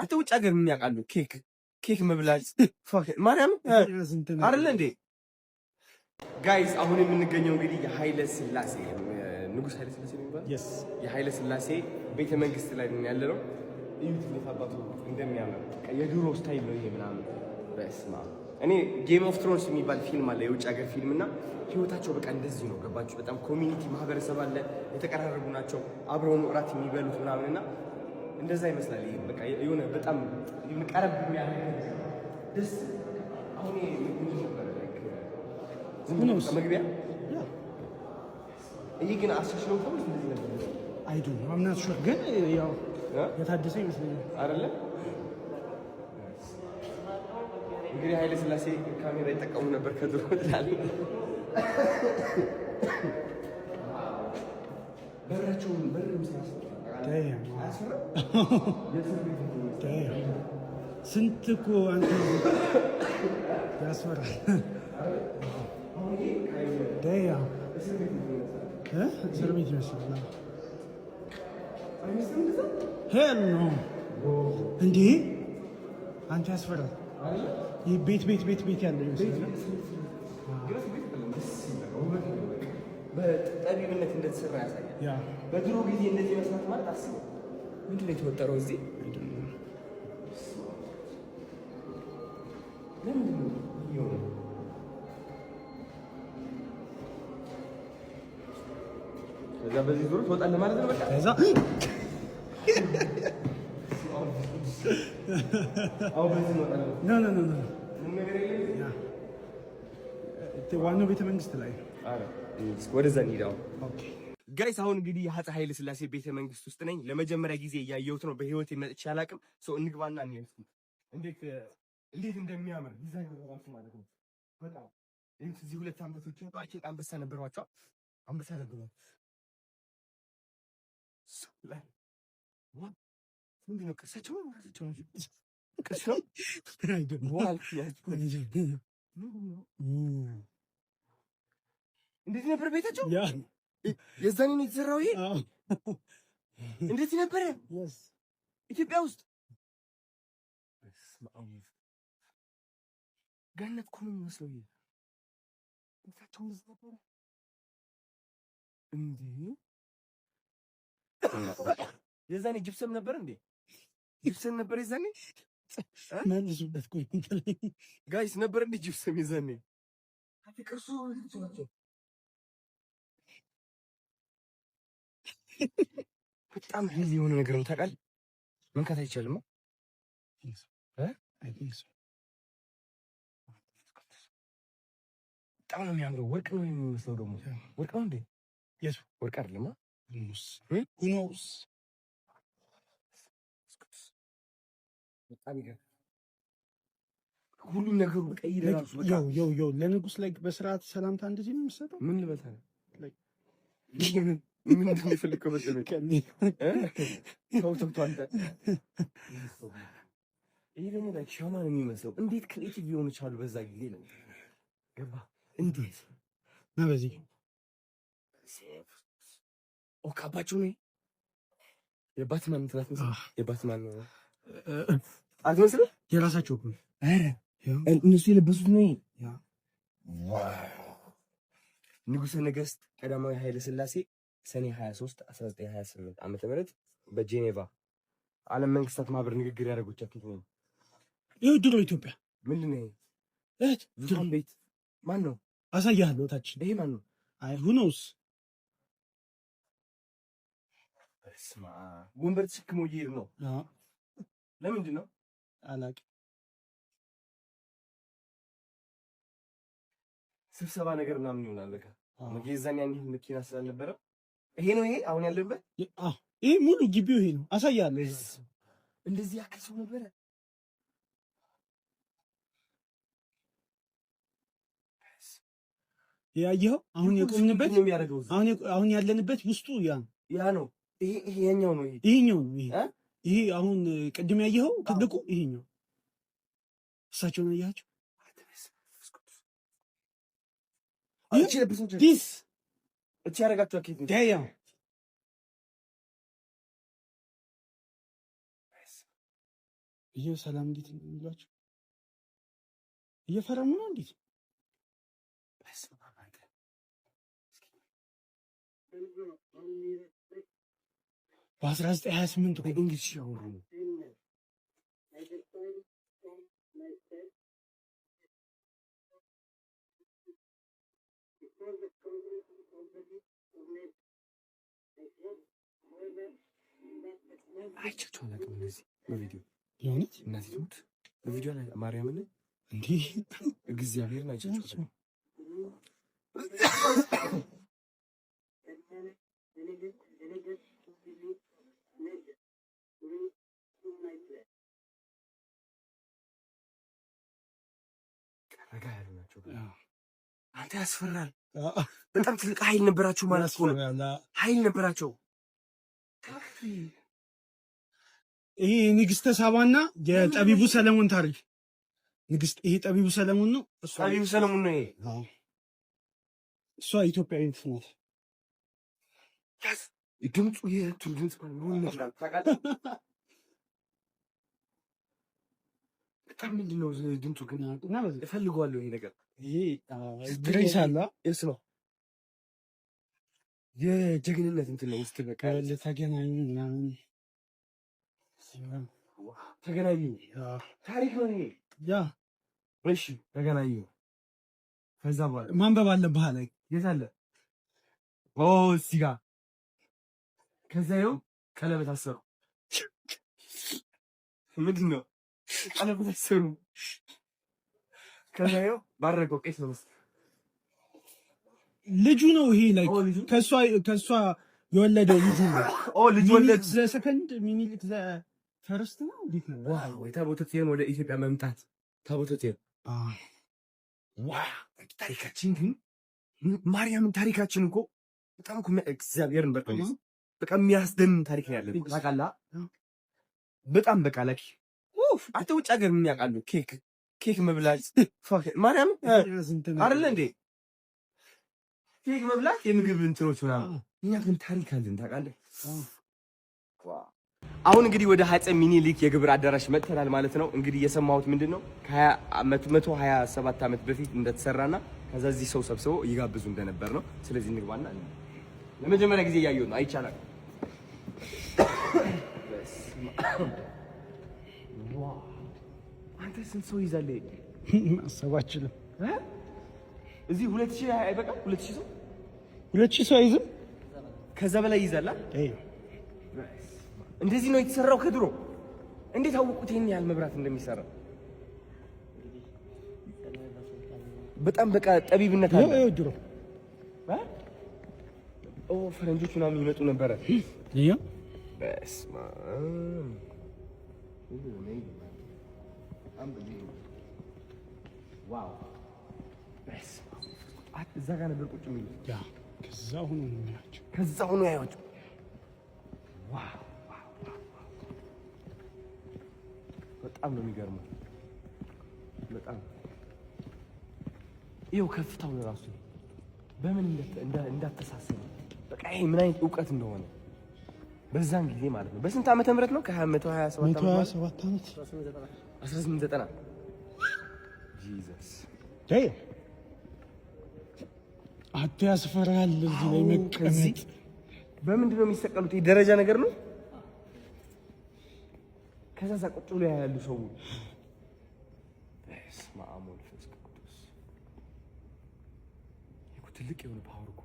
አንተ ውጭ ሀገር ምን ያውቃሉ? ኬክ ኬክ መብላት ማርያም አይደለ እንዴ ጋይስ አሁን የምንገኘው እንግዲህ የኃይለ ስላሴ ንጉስ ኃይለ ስላሴ የሚባል የኃይለ ስላሴ ቤተ መንግስት ላይ ነው ያለ ነው። እዩት እንዴት አባቱ እንደሚያምር የድሮ ስታይል ነው ይሄ ምናምን። በስማ እኔ ጌም ኦፍ ትሮንስ የሚባል ፊልም አለ የውጭ ሀገር ፊልም እና ህይወታቸው በቃ እንደዚህ ነው ገባችሁ። በጣም ኮሚኒቲ ማህበረሰብ አለ፣ የተቀራረቡ ናቸው፣ አብረውን እራት የሚበሉት ምናምን እና እንደዛ ይመስላል። ይሄ በቃ የሆነ በጣም የምቀረብ የሚያደርግ ደስ አሁን ምን ነበር ግን ነበር ያው የታደሰ ይመስለኛል አይደለ እንግዲህ ኃይለ ካሜራ ይጠቀሙ ነበር ከድሮ ላለ በራቸውን በርም ሲያስ ስንት እኮ አንተ ያስፈራል። እስር ቤት አንተ ያስፈራል። ይህ ቤት ቤት ቤት ቤት ያለው ይመስላል። በጠቢብነት እንደተሰራ ያሳያል። በድሮ ጊዜ እንደዚህ መስራት ማለት አስበው። ምንድን ነው የተወጠረው እዚህ? ለምንድን ነው የሆነ ከዛ በዚህ ዙር ትወጣለህ ማለት ነው። በቃ ከዛ ዋናው ቤተ መንግስት ላይ ወደዛ እንሂድ። ጋይስ አሁን እንግዲህ የአፄ ኃይለ ስላሴ ቤተ መንግስት ውስጥ ነኝ። ለመጀመሪያ ጊዜ እያየሁት ነው። በህይወት መጥቼ አላውቅም። ሰው እንግባና እንየውስ እንዴት እንዴት እንደሚያምር ዲዛይን ራሱ ማለት ነው። በጣም ይህ እዚህ ሁለት አንበሶች ጣቸው አንበሳ ነበሯቸው። አንበሳ ነበሯቸው። ምንድን ነው ቅርሳቸው? ቅርስ ነው እንደዚህ ነበር ቤታቸው የዛኔ ነው የተሰራው። ይሄ እንደዚህ ነበረ ኢትዮጵያ ውስጥ ገነት እኮ ነው የሚመስለው። ይሄ እንዴ! የዛኔ ጅብሰም ነበር እንዴ? ጅብሰም ነበር የዛኔ መልሱበት። ጋይስ ነበር እንዴ ጅብሰም የዛኔ በጣም ህዝ የሆነ ነገር ነው ታውቃለህ። መንካት አይቻልም። በጣም ነው የሚያምረው። ወርቅ ነው የሚመስለው ደግሞ ወርቅ ነው እንዴ? የሱ ወርቅ አይደለም ሁሉም ነገሩ ለንጉስ ላይ በስርዓት ሰላምታ እንደዚህ ነው የምትሰጠው። ምን ልበልህ ምንድን የሚመስለው። እንዴት ክሬቲቭ ሊሆኑ ቻሉ? በዛ ጊዜ ነው ገባ። እንዴት ና በዚህ ካባችሁ ነው የባትማን ትናት የባትማን አትመስልም? የራሳቸው እነሱ የለበሱት ነው። ንጉሠ ነገሥት ቀዳማዊ ኃይለ ሥላሴ ሰኔ 23 1928 ዓመተ ምህረት በጄኔቫ ዓለም መንግስታት ማህበር ንግግር ያደረጉቻችሁ ነው። ይህ ድሮ ኢትዮጵያ ምንድን ነው? እህት ዙፋን ቤት ማን ነው? አሳያለሁ። ታች ይሄ ማን ነው? አይ ሁኖስ ስማ፣ ወንበር ተሸክሞ እየሄድ ነው። ለምንድን ነው አላውቅም። ስብሰባ ነገር ምናምን ይሆናል። ለካ መጌዛን ያን መኪና ስላልነበረ ይሄ ነው። ይሄ አሁን ያለንበት ይሄ ሙሉ ግቢው ይሄ ነው። አሳያለሁ። እንደዚህ ያክል ሰው ነበረ። ያየው አሁን የቆምንበት አሁን አሁን ያለንበት ውስጡ ያ ያ ነው። ይሄ ይሄኛው ነው። ይሄ ይሄኛው ነው። ይሄ ይሄ አሁን ቅድም ያየኸው ትልቁ ይሄኛው እሳቸውን አያቸው እቺ ያደረጋችሁ አኬት ነው። ይሄ ሰላም እንዴት ነው የሚሏችሁ? እየፈረሙ ነው እንዴት? በአስራ ዘጠኝ ሀያ ስምንት እንግሊዝ ሲያወሩ ነው አይቻቸው አላውቅም። እነዚህ በቪዲዮ የሆነች እናቴ ትሙት በቪዲዮ ማርያምን እንዲህ እግዚአብሔርን አይቻቸው ረጋ ያሉ ናቸው። አንተ ያስፈራል። በጣም ትልቅ ኃይል ነበራቸው ማለት ነው። ኃይል ነበራቸው ይሄ ንግስተ ሳባና የጠቢቡ ሰለሞን ታሪክ ንግስት ይሄ ጠቢቡ ሰለሞን ነው። እሷ ጠቢቡ ሰለሞን ነው። ይሄ እሷ ኢትዮጵያዊት ናት። ድምፁ የእንትን ድምፅ በጣም ምንድን ነው ድምፁ ግን እፈልገዋለሁ። ይሄ ነገር ይሄ ግሬስ አለ ስ ነው የጀግንነት እንትን ነው ውስጥ በቃ ተገናኙ ምናምን ተገናኙ ታሪክ ነው ያ እሺ ተገናኙ ከዛ በኋላ ማንበብ አለብህ አለ የት አለ እዚህ ጋ ከዛ ይኸው ቀለበት አሰሩ ምንድን ነው ቀለበት አሰሩ ከዛ ይኸው ባረገው ቄስ ነው መሰለኝ ልጁ ነው ይሄ ላይ ከእሷ የወለደው ልጁ ነው። ሚኒሊክ ዘ ሰከንድ ሚኒሊክ ዘ ፈርስት ነው። እንዴት ነው ወይ ታቦተ ጽዮን ወደ ኢትዮጵያ መምጣት? ታቦተ ጽዮን ዋ ታሪካችን ግን ማርያምን ታሪካችን እኮ በጣም እኮ እግዚአብሔርን በጣም በቃ የሚያስደምም ታሪክ ነው ያለን። በጣም በቃ ለኪ አንተ ውጭ ሀገር የሚያውቃሉ ኬክ ኬክ መብላት ማርያም አይደለ እንዴ ኬክ መብላት የምግብ እንትኖች ምናምን፣ እኛ ግን ታሪክ አለን ታውቃለህ። አሁን እንግዲህ ወደ አፄ ሚኒሊክ የግብር አዳራሽ መጥተናል ማለት ነው። እንግዲህ የሰማሁት ምንድን ነው መቶ ሀያ ሰባት ዓመት በፊት እንደተሰራና ከዛ እዚህ ሰው ሰብስቦ ይጋብዙ እንደነበር ነው። ስለዚህ እንግባና ለመጀመሪያ ጊዜ እያየሁ ነው። አይቻላል አንተ ስንት ሰው ይዛለ ማሰብ አችልም። እዚህ ሁለት ሺህ አይበቃም? ሁለት ሺህ ሰው ሁለት ሺህ ሰው አይዝም፣ ከዛ በላይ ይዛላ። እንደዚህ ነው የተሰራው ከድሮ። እንዴት አወቁት ይህን ያህል መብራት እንደሚሰራ? በጣም በቃ ጠቢብነት አለ። ድሮ ፈረንጆች ምናምን ይመጡ ነበረ። እዛ ጋ ነበር ቁጭ የሚሉት ከዛ ሆኖ ነው ያቸው ከዛ ሆኖ ያቸው። በጣም ነው የሚገርመው። በጣም ይኸው ከፍታውን እራሱ በምን እንዳተሳሰበ በቃ ምን አይነት እውቀት እንደሆነ በዛን ጊዜ ማለት ነው። በስንት ዓመተ ምህረት ነው? ከ127 ዓመት አቶ ያስፈራል። እዚህ ላይ መቀመጥ በምንድን ነው የሚሰቀሉት? የደረጃ ነገር ነው። ከዛ እዛ ቁጭ ብሎ ያሉ ሰው ስማ፣ አሞል መንፈስ ቅዱስ ትልቅ የሆነ ፓወር